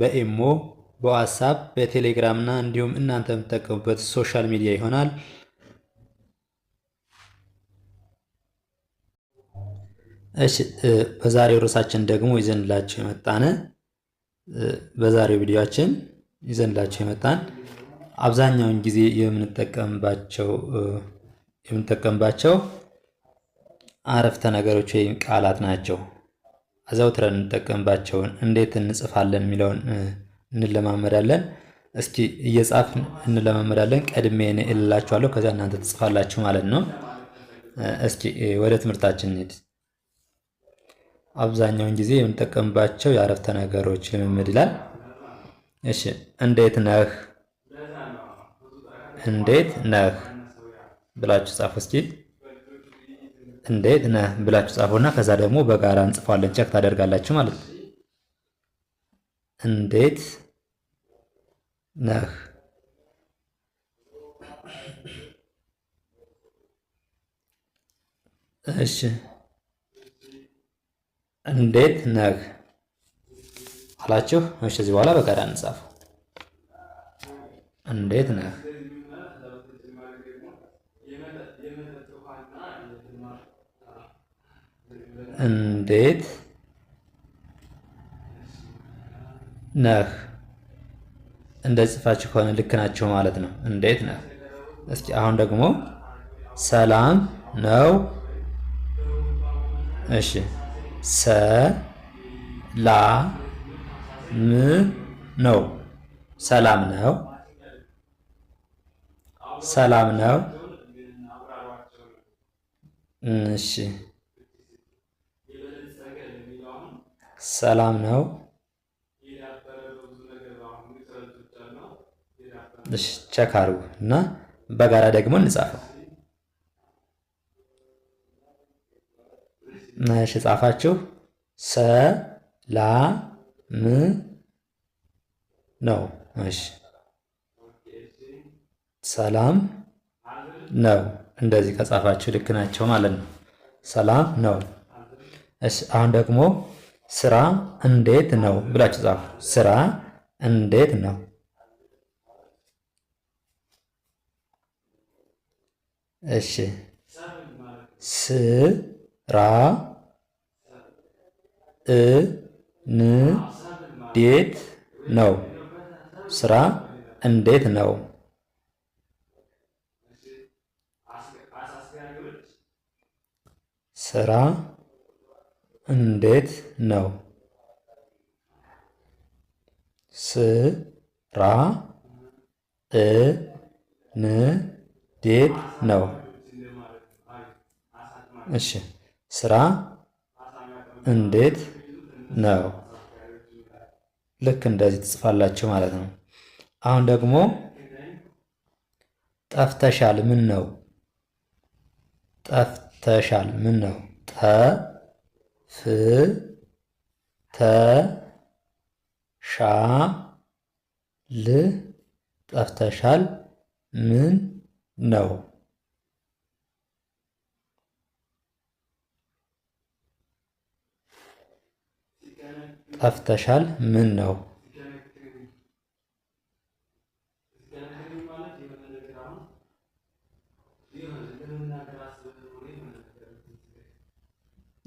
በኤሞ በዋትሳፕ በቴሌግራም እና እንዲሁም እናንተ የምትጠቀሙበት ሶሻል ሚዲያ ይሆናል። እሺ በዛሬው ርዕሳችን ደግሞ ይዘንላቸው የመጣነ በዛሬው ቪዲዮችን ይዘንላቸው የመጣን አብዛኛውን ጊዜ የምንጠቀምባቸው የምንጠቀምባቸው አረፍተ ነገሮች ወይም ቃላት ናቸው። አዘውትረን እንጠቀምባቸውን እንዴት እንጽፋለን የሚለውን እንለማመዳለን። እስኪ እየጻፍ እንለማመዳለን። ቀድሜ እኔ እልላችኋለሁ፣ ከዛ እናንተ ትጽፋላችሁ ማለት ነው። እስኪ ወደ ትምህርታችን እንሂድ። አብዛኛውን ጊዜ የምንጠቀምባቸው የአረፍተ ነገሮች ልምምድ ይላል። እሺ፣ እንዴት ነህ፣ እንዴት ነህ ብላችሁ ጻፉ እስኪ። እንዴት ነህ ብላችሁ ጻፉና ከዛ ደግሞ በጋራ እንጽፈዋለን ቸክ ታደርጋላችሁ ማለት ነው። እንዴት ነህ እሺ እንዴት ነህ አላችሁ። እሺ እዚህ በኋላ በጋራ እንጻፉ። እንዴት ነህ እንዴት ነህ? እንደ ጽፋችሁ ከሆነ ልክ ናቸው ማለት ነው። እንዴት ነህ? እስኪ አሁን ደግሞ ሰላም ነው። እሺ ም ነው። ሰላም ነው። ሰላም ነው። እሺ ሰላም ነው። ቸካሩ እና በጋራ ደግሞ እንጻፈው። እሺ ጻፋችሁ። ሰላም ነው። እሺ ሰላም ነው። እንደዚህ ከጻፋችሁ ልክ ናቸው ማለት ነው። ሰላም ነው። እሺ አሁን ደግሞ ስራ እንዴት ነው ብላችሁ ጻፉ። ስራ እንዴት ነው? እሺ ስራ እንዴት ነው? ስራ እንዴት ነው? ስራ እንዴት ነው? ስራ እንዴት ነው? እሺ ስራ እንዴት ነው? ልክ እንደዚህ ትጽፋላችሁ ማለት ነው። አሁን ደግሞ ጠፍተሻል ምን ነው? ጠፍተሻል ምን ነው? ል ጠፍተሻል ምን ነው? ጠፍተሻል ምን ነው?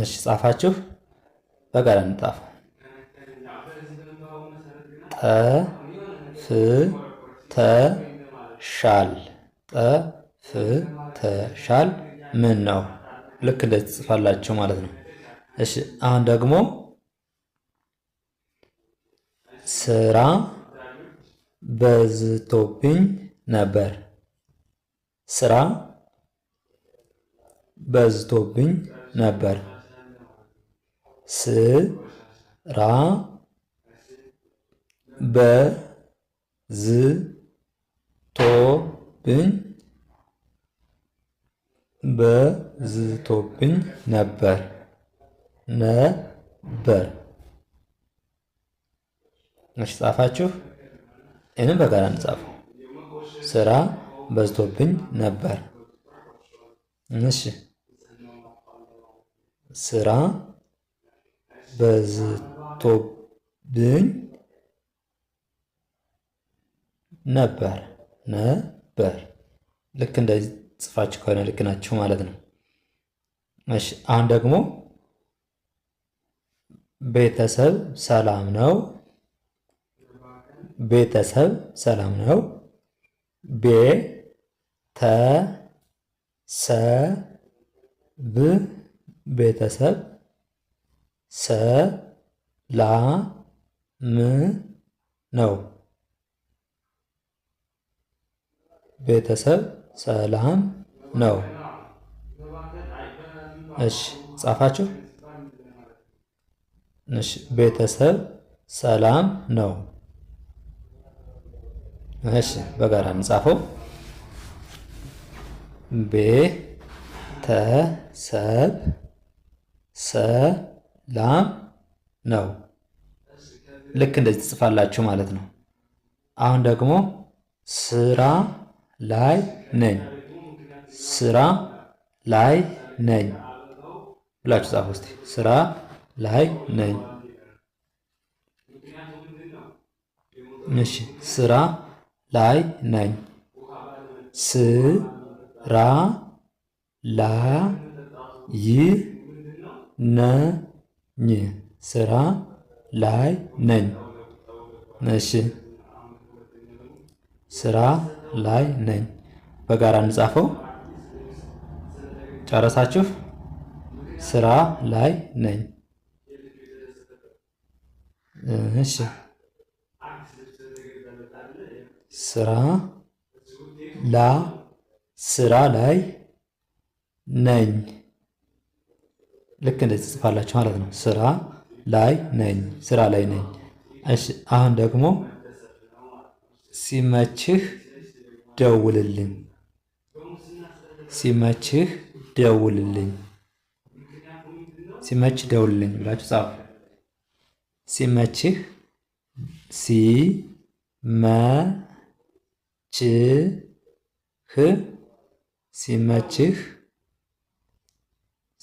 እሺ ጻፋችሁ በጋራ እንጣፍ። ጠፍተሻል ጠፍተሻል ምን ነው ልክ እንደ ጽፋላችሁ ማለት ነው። እሺ አሁን ደግሞ ስራ በዝቶብኝ ነበር። ስራ በዝቶብኝ ነበር ስራ በዝቶብኝ በዝቶብኝ ነበር ነበር። እሺ ጻፋችሁ? ይህንም በጋራ እንጻፈው። ስራ በዝቶብኝ ነበር። እሺ ስራ በዝቶብኝ ነበር ነበር። ልክ እንደዚህ ጽፋችሁ ከሆነ ልክ ናችሁ ማለት ነው። እሺ አሁን ደግሞ ቤተሰብ ሰላም ነው። ቤተሰብ ሰላም ነው። ቤተሰብ ቤተሰብ ሰላም ነው። ቤተሰብ ሰላም ነው። እሺ ጻፋችሁ? እሺ ቤተሰብ ሰላም ነው። እሺ በጋራ እንጻፈው። ቤተሰብ ሰ ላም ነው። ልክ እንደዚህ ትጽፋላችሁ ማለት ነው። አሁን ደግሞ ስራ ላይ ነኝ፣ ስራ ላይ ነኝ ብላችሁ ጻፉ እስቲ። ስራ ላይ ነኝ። እሺ፣ ስራ ላይ ነኝ። ስራ ላይ ነ ስራ ላይ ነኝ። ነሽ ስራ ላይ ነኝ። በጋራ እንጻፈው። ጨረሳችሁ? ስራ ላይ ነኝ። እሺ ስራ ላ ስራ ላይ ነኝ። ልክ እንደዚህ ጽፋላችሁ ማለት ነው። ስራ ላይ ነኝ፣ ስራ ላይ ነኝ። እሺ አሁን ደግሞ ሲመችህ ደውልልኝ፣ ሲመችህ ደውልልኝ፣ ሲመችህ ደውልልኝ ብላችሁ ጻፉ። ሲመችህ ሲመችህ ሲመችህ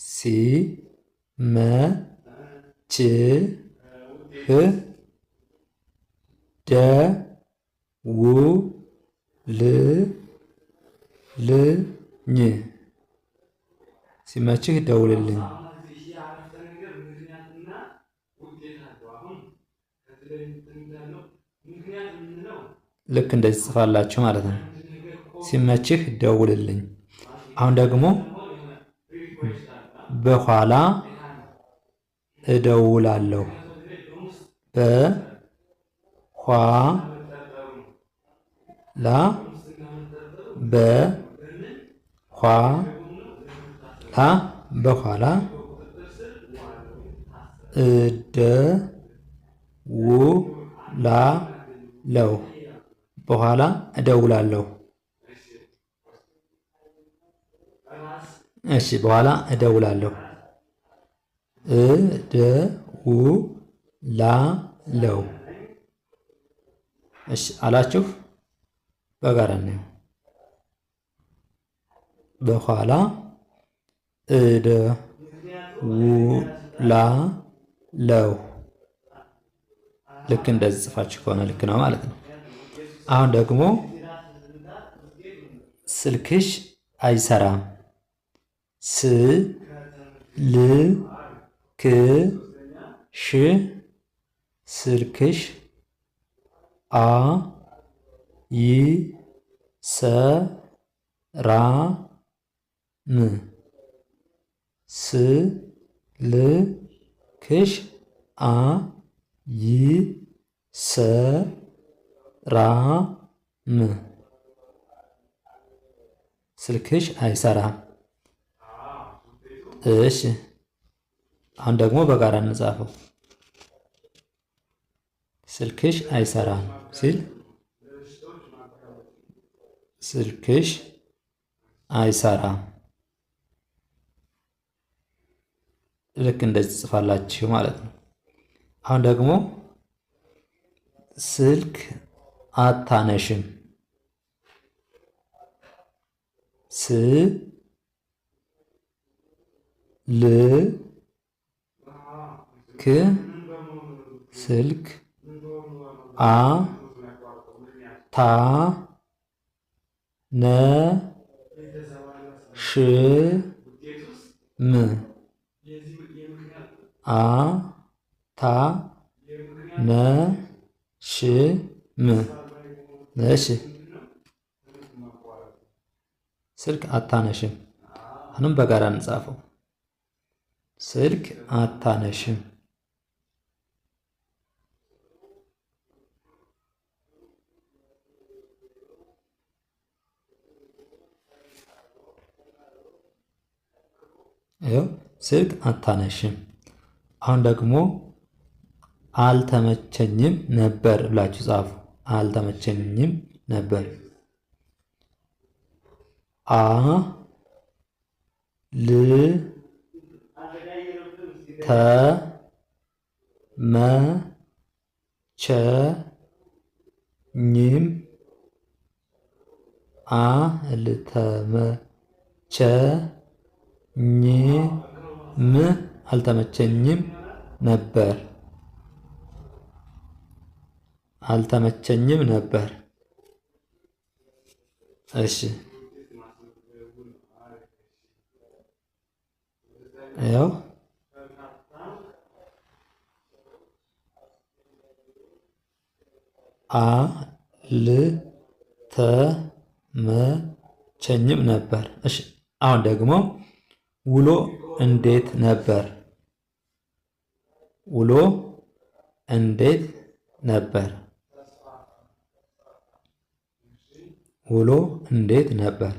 ሲመችህ ደውልልኝ። ሲመችህ ደውልልኝ። ልክ እንደዚህ ጽፋላችሁ ማለት ነው። ሲመችህ ደውልልኝ። አሁን ደግሞ በኋላ እደውላለሁ። በኋላ በኋላ በኋላ እደውላለሁ በኋላ እደውላለሁ። እሺ በኋላ እደውላለሁ። እደውላለሁ። እሺ አላችሁ በጋራ ነው። በኋላ እደውላለሁ። ልክ እንደዚህ ጽፋችሁ ከሆነ ልክ ነው ማለት ነው። አሁን ደግሞ ስልክሽ አይሰራም ስ ል ክ ሽ ስርክሽ አ ይ ሰ ራ ም ስ ል ክሽ አ ይ ሰ ራ ም ስልክሽ አይሰራም። እሺ አሁን ደግሞ በጋራ እንጻፈው። ስልክሽ አይሰራም ሲል ስልክሽ አይሰራም። ልክ እንደዚህ ጽፋላችሁ ማለት ነው። አሁን ደግሞ ስልክ አታነሽም ስ ل ك سلك أ تا ن ش م أ تا ن ش م ماشي سلك أتانشم هنم بقرا نصافو ስልክ አታነሽም ይኸው ስልክ አታነሽም። አሁን ደግሞ አልተመቸኝም ነበር ብላችሁ ጻፉ። አልተመቸኝም ነበር አ ል ተመቸኝም አልተመቸኝም አልተመቸኝም ነበር አልተመቸኝም ነበር። እሺ ያው አልተመቸኝም ነበር። እሺ አሁን ደግሞ ውሎ እንዴት ነበር? ውሎ እንዴት ነበር? ውሎ እንዴት ነበር?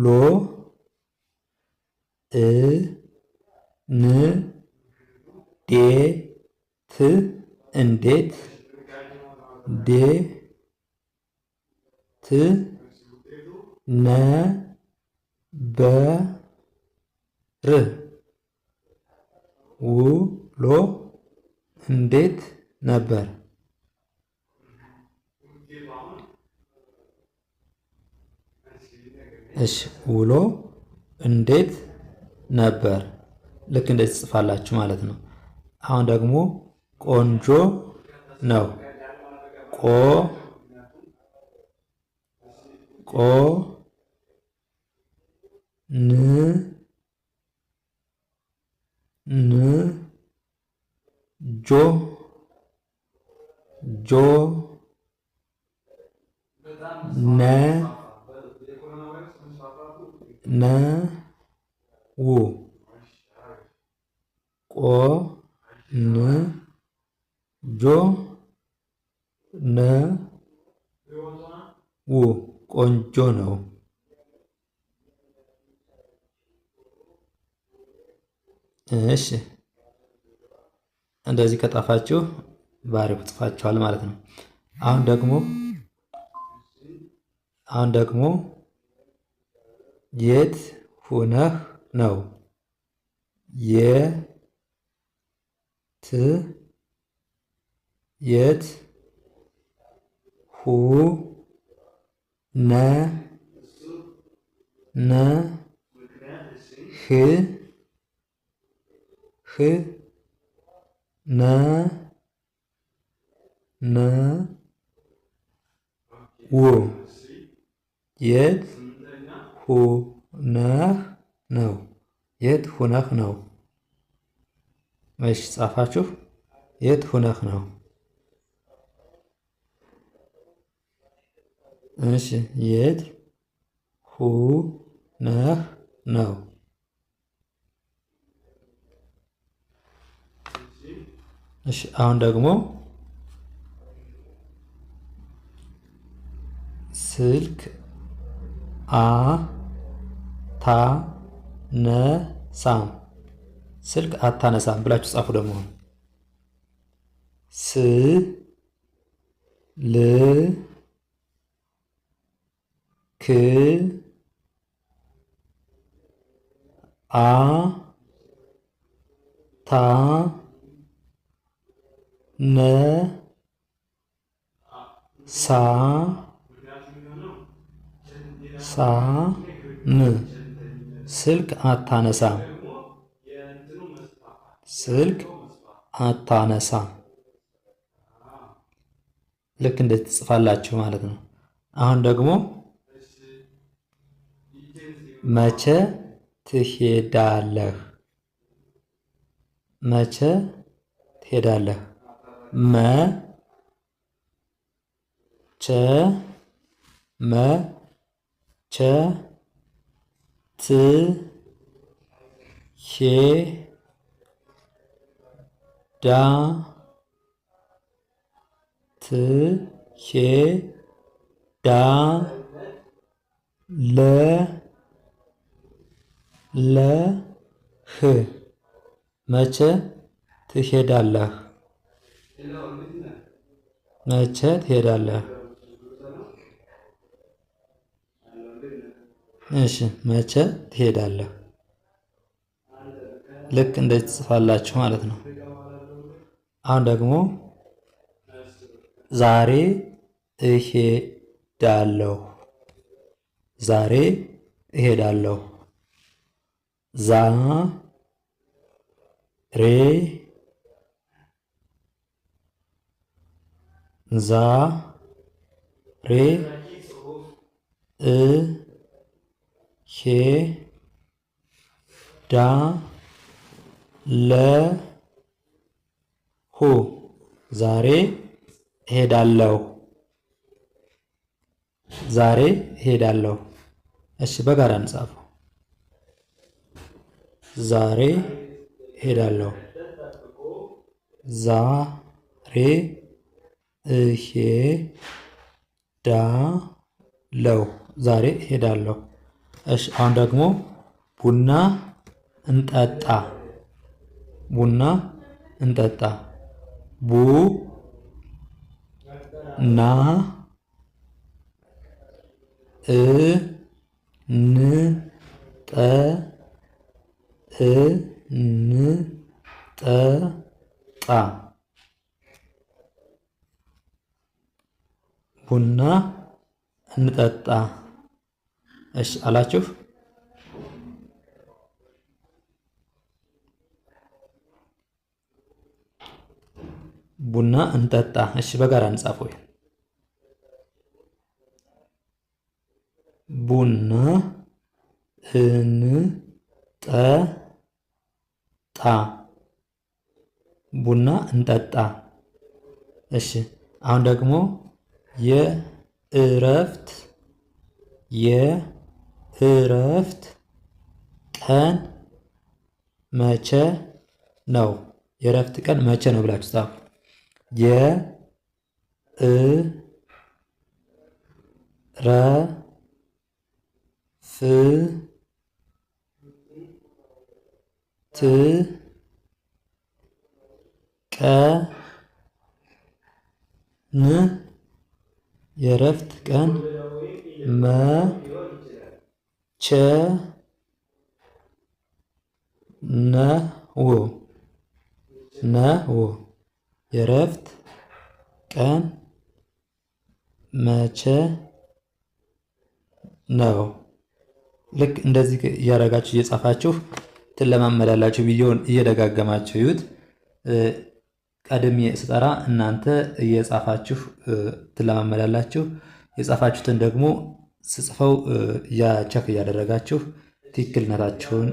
ውሎ እ ን ዴት እንዴት ዴት በር ውሎ እንዴት ነበር? እሺ ውሎ እንዴት ነበር? ልክ እንደዚህ ጽፋላችሁ ማለት ነው። አሁን ደግሞ ቆንጆ ነው። ቆ ቆ ን ን ጆ ጆ ነ ነ ው ቆ ን ጆ ነ ው ቆንጆ ነው። እሺ እንደዚህ ከጣፋችሁ ባሪፍ ጽፋችኋል ማለት ነው። አሁን ደግሞ አሁን ደግሞ የት ሁነህ ነው የ ት የት ሁ ነ መ ህ ህ መ መ ው የት ሁነህ ነው። የት ሁነህ ነው። እሺ ጻፋችሁ። የት ሁነህ ነው? እሺ የት ሁነህ ነው? እሺ አሁን ደግሞ ስልክ አታነሳም ስልክ አታነሳም ብላችሁ ጻፉ። ደግሞ ስ ል ክ አ ታ ነ ሳ ሳ ም ስልክ አታነሳም ስልክ አታነሳ። ልክ እንደዚህ ትጽፋላችሁ ማለት ነው። አሁን ደግሞ መቼ ትሄዳለህ? መቼ ትሄዳለህ? መ ቸ መ ቸ ት ሄ ዳ ት ሄ ዳ ለ ለ ህ መቼ ትሄዳለህ? መቼ ትሄዳለህ? እሺ መቼ ትሄዳለህ? ልክ እንደዚህ ትጽፋላችሁ ማለት ነው። አሁን ደግሞ ዛሬ እሄዳለሁ ዛሬ እሄዳለሁ ዛሬ ዛሬ እሄዳለሁ ሁ ዛሬ እሄዳለሁ። ዛሬ እሄዳለሁ። እሺ በጋራ እንጻፈው። ዛሬ እሄዳለሁ። ዛሬ ለው ዛሬ እሄዳለሁ። እሺ አሁን ደግሞ ቡና እንጠጣ። ቡና እንጠጣ ቡ ና እ ን ጠ እ ን ጠ ጣ ቡና እንጠጣ። እሺ አላችሁ። ቡና እንጠጣ። እሺ በጋራ እንጻፍ ወይ ቡና እንጠጣ። ቡና እንጠጣ። እሺ አሁን ደግሞ የእረፍት የእረፍት ቀን መቼ ነው? የእረፍት ቀን መቼ ነው ብላችሁ ጻፉ። የእረፍት ቀን የእረፍት ቀን መቼ ነው ነው የእረፍት ቀን መቼ ነው? ልክ እንደዚህ እያደረጋችሁ እየጻፋችሁ ትለማመዳላችሁ። ቪዲዮውን እየደጋገማችሁ ይዩት። ቀድሜ ስጠራ እናንተ እየጻፋችሁ ትለማመዳላችሁ። የጻፋችሁትን ደግሞ ስጽፈው ቼክ እያደረጋችሁ ትክክልነታችሁን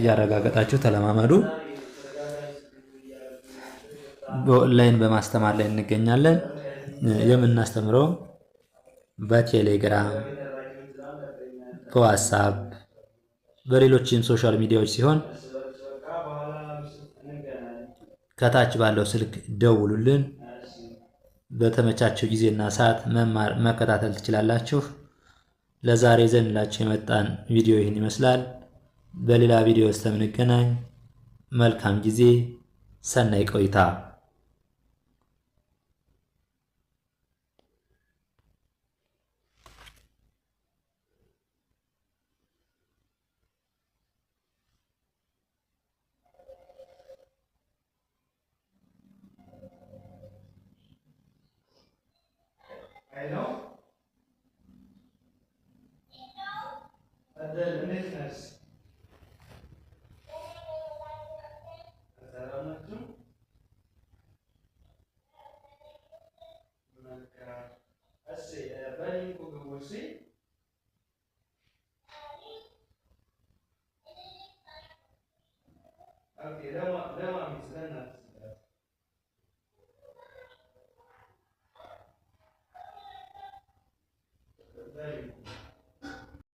እያረጋገጣችሁ ተለማመዱ። በኦንላይን በማስተማር ላይ እንገኛለን። የምናስተምረው በቴሌግራም በዋትሳፕ በሌሎችም ሶሻል ሚዲያዎች ሲሆን ከታች ባለው ስልክ ደውሉልን። በተመቻቸው ጊዜና ሰዓት መማር መከታተል ትችላላችሁ። ለዛሬ ዘንላችሁ የመጣን ቪዲዮ ይህን ይመስላል። በሌላ ቪዲዮ እስከምንገናኝ መልካም ጊዜ፣ ሰናይ ቆይታ